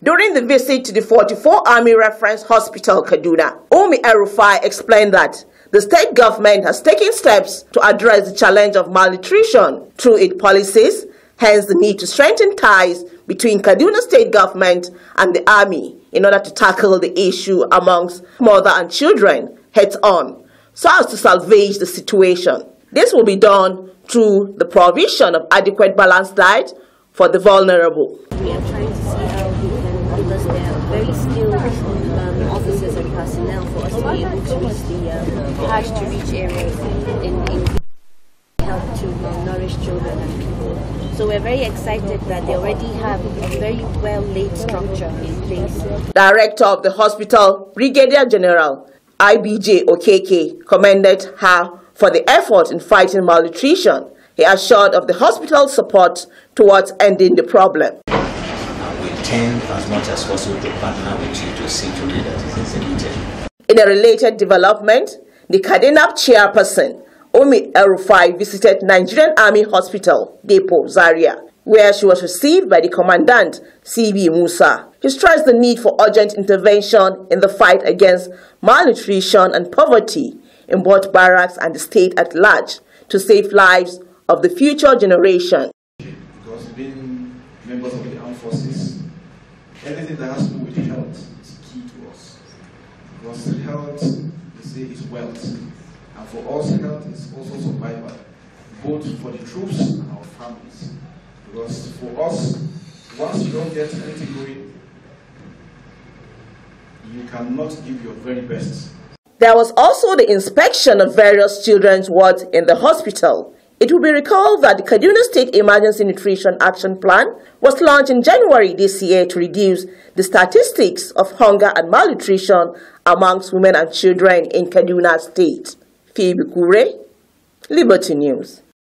During the visit to the 44 Army Reference Hospital, Kaduna, Omi Arufai explained that the state government has taken steps to address the challenge of malnutrition through its policies, hence the need to strengthen ties between Kaduna state government and the army in order to tackle the issue amongst mother and children head on so as to salvage the situation. This will be done through the provision of adequate balanced diet for the vulnerable because there are very skilled um, officers and personnel for us to be able to reach the um, hard to reach areas in, in help to malnourished children and people. So we're very excited that they already have a very well laid structure in place. Director of the hospital, Brigadier General IBJ OKK, commended her for the effort in fighting malnutrition. He assured of the hospital's support towards ending the problem as much as possible to partner with you to see to it that is executed. In a related development, the Kadinap chairperson, Omi Erufai, visited Nigerian Army Hospital, Depot, Zaria, where she was received by the commandant, C.B. Musa. He stressed the need for urgent intervention in the fight against malnutrition and poverty in both barracks and the state at large to save lives of the future generation. Anything that has to do with health is key to us. Because health, they say, is wealth. And for us, health is also survival, both for the troops and our families. Because for us, once you don't get anything going, you cannot give your very best. There was also the inspection of various children's wards in the hospital. It will be recalled that the Kaduna State Emergency Nutrition Action Plan was launched in January this year to reduce the statistics of hunger and malnutrition amongst women and children in Kaduna State. Phoebe Kure, Liberty News.